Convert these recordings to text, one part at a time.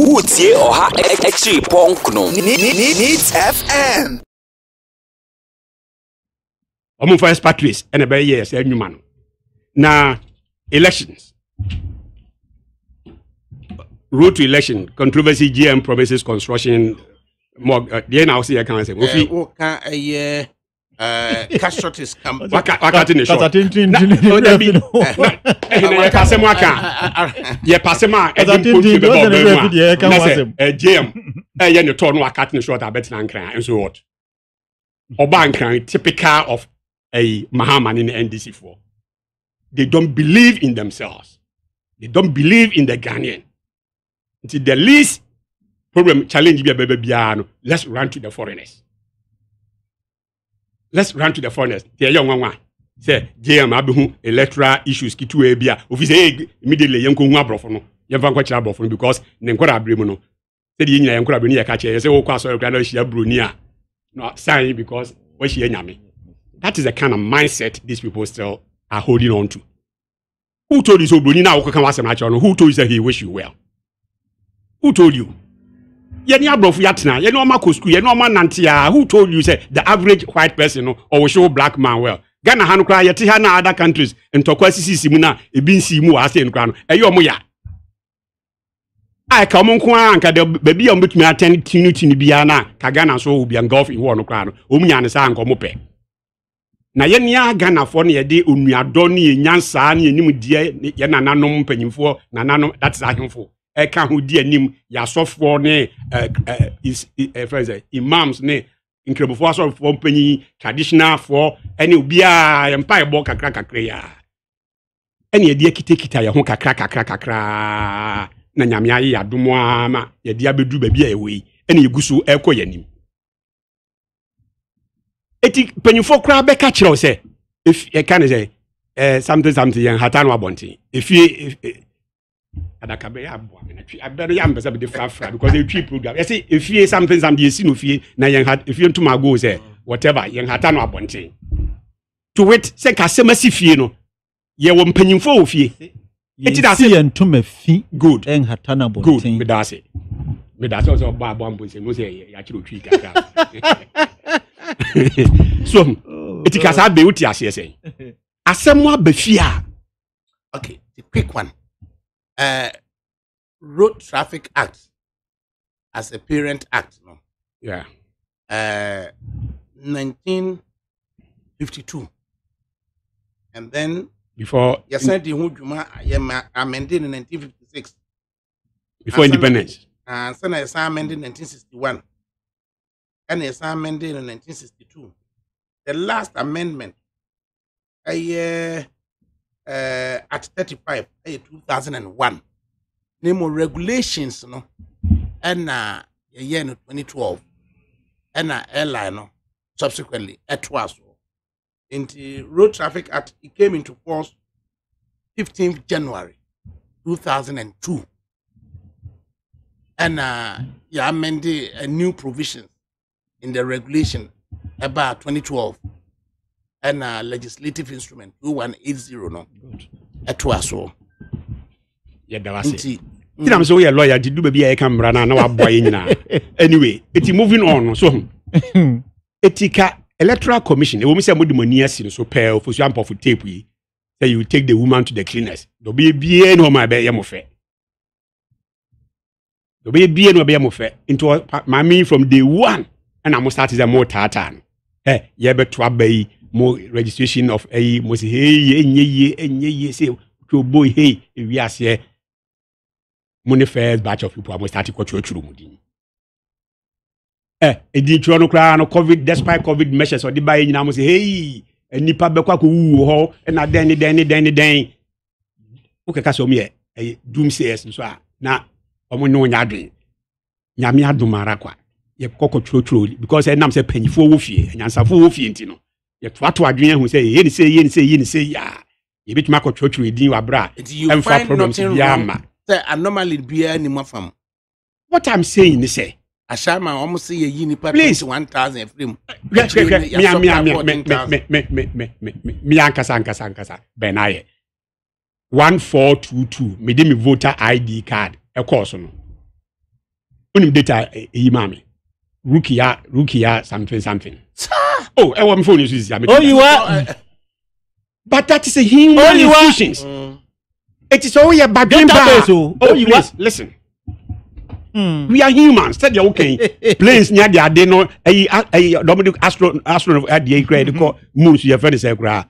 wotie ɔha akyiri pɔnkno needs fm ɔmomfa expatries ɛna ɛbɛyɛ sɛ nnwuma no na elections road to election controversy gm promises construction mɔ eh, deɛ na eh, wo sɛ yɛka sɛ wofi woka ɛyɛ castration scam. wakati ne short yɛkasɛ mu aka yɛpasɛ mu a ɛde mpontu bɛbɔ ɔbɛn mu a nɛsɛ ɛgm ɛyɛ ne tɔɔ no wakati ne short abɛtena nkran nso wɔt ɔba nkran typical of ɛyi eh, mahama ne ne ndc foɔ they don't believe in themselves they don't believe in the ghanaian nti the least problem challenge bi a bɛbɛ biara no let's run to the foreigners let's run to the foreigners tiɛ yɛ nwanwa sɛ jm abɛhu electoral issues ketewa bi a ofi sɛ yɛ immediately yɛn ko hu aborɔfo no yɛn fa nkɔkyerɛ aborɔfo no because ne nkɔla abiri mu no sɛdeɛ yɛn nyina yɛn nkɔla abiri no yɛ kakyɛ yɛ sɛ oh, wɔkɔ asɔre kura na ɔhyia buroni a na sign because ɔhyia nyame that is the kind of mindset these people still are holding on to who told you so buroni na awokɔ kan wa asɛm akyerɛ no who told you say he wish you well who told you yɛne aborɔfo yɛatena yɛne ɔma kɔ skul yɛne ɔma nante a who told you say the average white person no ɔwɔ hyew black man well ghana ha no koraa yɛte ha na other countries ntɔkwa sisisi mu no ebi nsii mu wɔ asɛn koraa no ɛyɛ ɔmo ya a ɛka ɔmo nko ara anka de baabi a ɔmobɛtumi atɛn tinu tinu biara no a ka ghana so wɔ bia golf wɔ no koraa no ɔmo nya ne saa anka pɛ na yɛne a ghanafoɔ no yɛde onuadɔ ne yɛnyansaa ne yɛnim deɛ yɛ nananom mpanyimfoɔ nananom that is ahemfo ɛka ho di anim yasɔfoɔ ne ɛfɛ eh, eh, eh, sɛ imams ne nkramofoɔ asɔfoɔ mpanyin traditionalfoɔ ɛne obiara yɛn mpa ɛbɔ kakra kakra yia ɛne yɛde akitakita yɛn ho kakra kakra kakra na nyame ayɛ yadom ama yɛde abɛduru baabi a yɛwɔ yi ɛne yɛgu so ɛrekɔ yɛn anim eti mpanyinfoɔ koraa bɛka kyerɛw sɛ efi ɛka ne sɛ ɛɛ samte samte yɛn hata no abɔnten efie efie adaka bɛ aboa mɛ na twi abɛrɛ yam bɛsɛ bɛde firafira because etwi program yɛsɛ efie something something yɛsi no fie na yɛn ha efie ntoma ago sɛ whatever yɛn ha ta no abɔnten to wait sɛ kasɛm asi fie no yɛwɔ mpanyinfoɔ wɔ fie eti da se yɛn ntoma fi good ɛn ha ta no abɔnten good mi da se mi da se ɔsɛ ɔba abɔ abɔnten mo sɛ yɛakyerɛ otwi kakra so oh, eti kasa abɛ wote aseɛ sɛ asɛm abɛ fie a okay the quick one. uh, Road Traffic Act as a parent act. No? Yeah. Uh, 1952. And then. Before. Yes, I did. amended in 1956. Before independence. And then I amended in 1961. And I amended in 1962. The last amendment, I, uh, uh, at 35 ɛyɛ 2001 na regulations no and yɛyɛ year 2012 ɛna airline no subsequently at was, in the road traffic act it came into force 15th january 2002 and ɛna yeah, a new provision in the regulation about 2012 ɛna legislative instrument two one eight zero no ɛto aso. yɛda wase nti tina mi mm. sɛ woyɛ lawyer nti du baabi a yɛka mmara no a na waboa yɛ nyinaa anyway eti moving on so hmm. etika electoral commission ewu mi sɛ mo de mo ani asi no so pɛɛ ofosu ampɔfo tape yi sɛ you take the woman to the cleaners dɔbɛ ebie na ɔmo abɛyɛ mo fɛ dɔbɛ ebie na ɔbɛyɛ mo fɛ nti maame from day one ɛna mo start sɛ mo taataa no ɛ eh, yɛbɛto aba yi mo registration of ẹyi mo si heye enye ye enye eh, ye se tí o bo heye ewi aseɛ eh. mo ni first batch of people a mo start kɔ twerɛtwerɛ mu din ɛ edi twerɛ no koraa no covid despite covid measures ɔde ba yɛ nyinaa mo si heye eh, nipa bɛkɔ akɔ wuwu hɔ ɛna dɛn ni dɛn ni dɛn ni dɛn o kɛkɛ sɛ ɔmo yɛ ɛyɛ doomsayers nso a na ɔmo ne ɔnyɛ adwene nyame adum ara kwa yɛ kɔkɔ twerɛtwerɛ because ɛnam sɛ panyinfoɔ wɔ fie anyansafo wɔ fie nti no yɛto ato adwene ahu sɛ yɛ ne sɛ yɛ ne sɛ yɛ ne sɛ yɛ a yɛbɛtumi akɔtwerɛtwerɛ edin wɔ abere a ɛmfa problems biara ma. sɛ anomaly biara ni mu afam. what i'm saying ni sɛ. asama wɔn sɛ yɛ yi nipa twenty one thousand efiri mu. hwɛhwɛhwɛ mia mia mia mɛ mɛ mɛ mɛ mɛ mɛ mia nkasa nkasa nkasa bɛn na yɛ one four two two mi de mi voter id card ɛkɔɔ so no onim data eyi eh, eh, maa mi rukiya rukiya something something. saa oh I ẹ wọ mi fóònù yẹn Oh, you are. Oh, eh. but that is a human oh, institution. Mm. it is only a bargain bar database o oyiwa listen mm. we are humans sẹ́ni ẹ̀wọ̀n kẹ́yìn planes ní adìẹ adé a. ẹ̀yìn ẹ̀yìn dominic astronaut adìẹ at the yẹ de kọ́ moon yẹ fẹ́ de sẹ́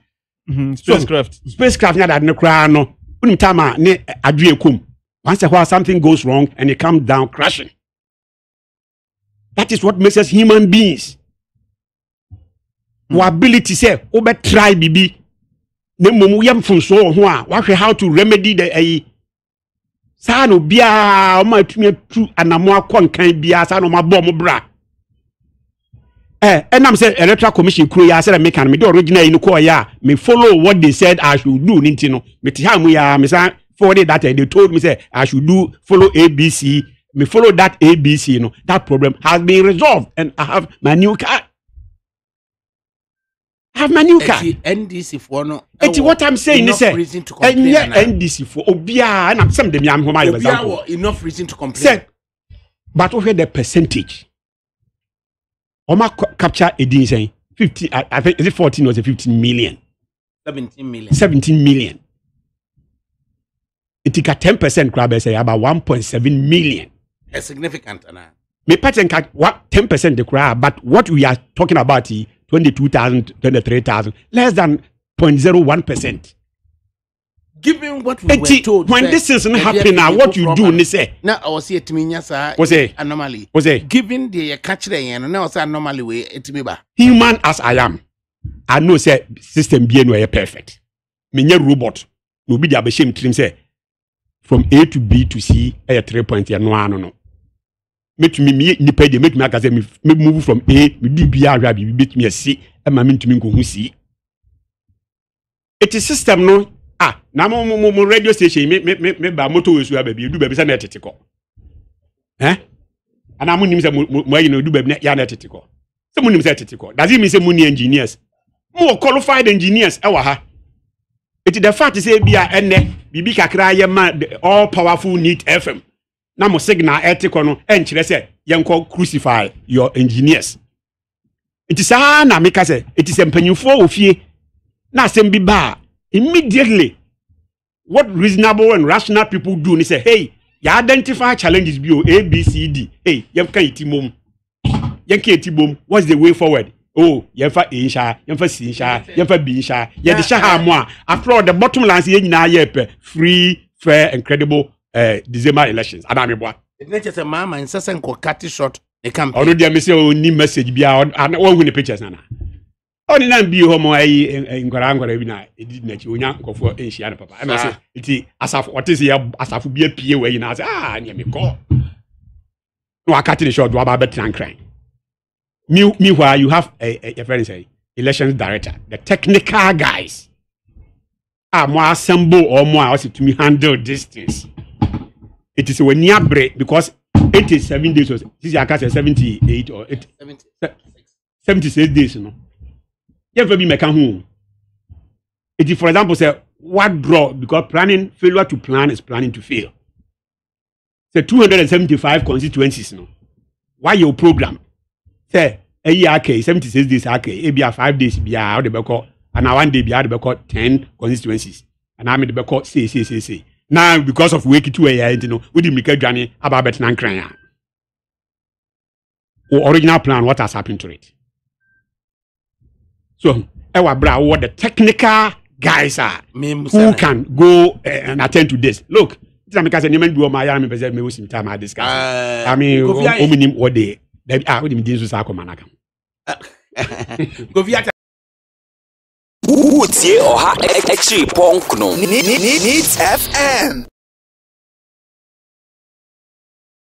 spacecraft spacecraft near the adé kura náà ó Ne táàmù à once a while something goes wrong and it comes down crashing. That is what makes us human beings ability sɛ wobɛ try bibi na mmom yɛ mfonso wɔ ho a wahwɛ how to remedy the ɛyi saa na obiara ɔmo atumi atu anamo akɔ nkan biara saa na ɔmo abɔ ɔmo bra ɛ ɛnam sɛ electoral commission kuro yi asɛ dɛ meka no mi de original yi no kɔɔ yɛ a mi follow what they said i should do ne ti no mi ti ha mu yɛ a san forwarded that and eh, they told me say i should do follow abc me follow that abc you know that problem has been resolved and i have my new car have my new car. ndc foɔ no. eti what i'm saying is sɛ ɛnyɛ ndc foɔ obiara ɛna sɛm de mi am homa yɛ example. obiara enough reason to complain. sɛ but over the percentage ɔma capture edin sɛn fifty i i think is it fourteen or fifteen million. seventeen million. seventeen million. eti ka ten percent kura bɛ sɛ about one point seven million. A significant ana. mi pati nka ten percent the kura but what we are talking about yi. 22,000, 23,000, less than 0.01%. Given what we were told, when this is not happening, now what you do, ni say. Now I was here to me, yes, anomaly. Was it? Given the catch the end, now it's anomaly way. It me Human as I am, I know say system being were perfect. Me nye robot. No be the abeshim trim say. From A to B to C, a three point. Ah, no, no, no mɛtumi miyɛ nipa de mɛtumi aka sɛ mɛ move from a mɛdi bi ahwɛ a biribi mɛtumi ɛsi ɛma mɛntumi nkohu si eti system no a na mo mo mo radio station mi mi mi mi ba moto wo esu ababi edu baabi sɛ na ɛtete kɔ ɛn ana mo nim sɛ mo mo ayi na edu baabi ya na ɛtete kɔ sɛ mo nim sɛ ɛtete kɔ does it sɛ mo ni engineers mo wɔ qualified engineers ɛwɔ ha eti the fact sɛ ebi a ɛnɛ biribi kakra yɛ ma all powerful need fm na mo signal ɛte kɔ no ɛnkyerɛ sɛ yɛnkɔ crucify your engineers nti saa na meka sɛ eti sɛ mpanyinfoɔ wɔ fie na asɛm bi baa immediately what reasonable and rational people do ni sɛ hey yɛ identify challenges bi o a b c d hey yɛn ka eti mom yɛn ka eti mom what's the way forward oh yɛn fa a nhyia yɛn fa c nhyia yɛn fa b nhyia yɛde hyɛ ha mo a after all the bottom line yɛn nyinaa yɛ pɛ free fair and credible eh, december elections adam ibua. ɛdini kyerɛ sɛ maama nsa sɛ nkɔka ti ah, short ne campaign. ɔno deɛ mesi a ɔni message bi a ɔhu ne pictures nana ɔne nam bi hɔ ma ayi nkwaraa nkwaraa bi na ɛdi n'akyi onya nkɔfoɔ nhyia no papa ɛna sɛ nti asafo ɔte sɛ yɛ asafo bi apue wɔ ayi na sɛ aa nea mekɔ na wakate ne short waba abɛtena nkran meanwhile you have a a friend say elections director the technical guys a ah, mo assemble ɔmo a ɔsi tumi handle distance it is wani abere because eighty seven days or sisi aka sɛ seventy eight or eight seventy six days no yɛn fɛ bi mɛka ho it is for example say what draw because planning failure to plan is planning to fail Say two hundred and seventy five constituencies no why your o program sɛ ɛyi eh, aka yi seventy six days aka yi ebi a five days bi a ɔde bɛ kɔ ana one day bi a ɔde bɛ kɔ ten constituencies ana mi de bɛ kɔ seeseeseesee na because of wake two ɛyɛ nti no wodi mirika dwane aba abɛtena nkran a wo original plan what has happened to it so ɛwɔ eh, abira wɔ the technical guys a who can go uh, and attend to this look tí sàmì kásẹ̀ níyẹn mi bi wọ́n ma yára mi pẹ̀sẹ̀ mi wọ́n sì mi ta ma discuss àmì omi ni wọ́n de dẹbi ah ó di mi di nsú sáà kọ́ ma nàkà wotie ɔha ɛkyiri pɔnkno neat fm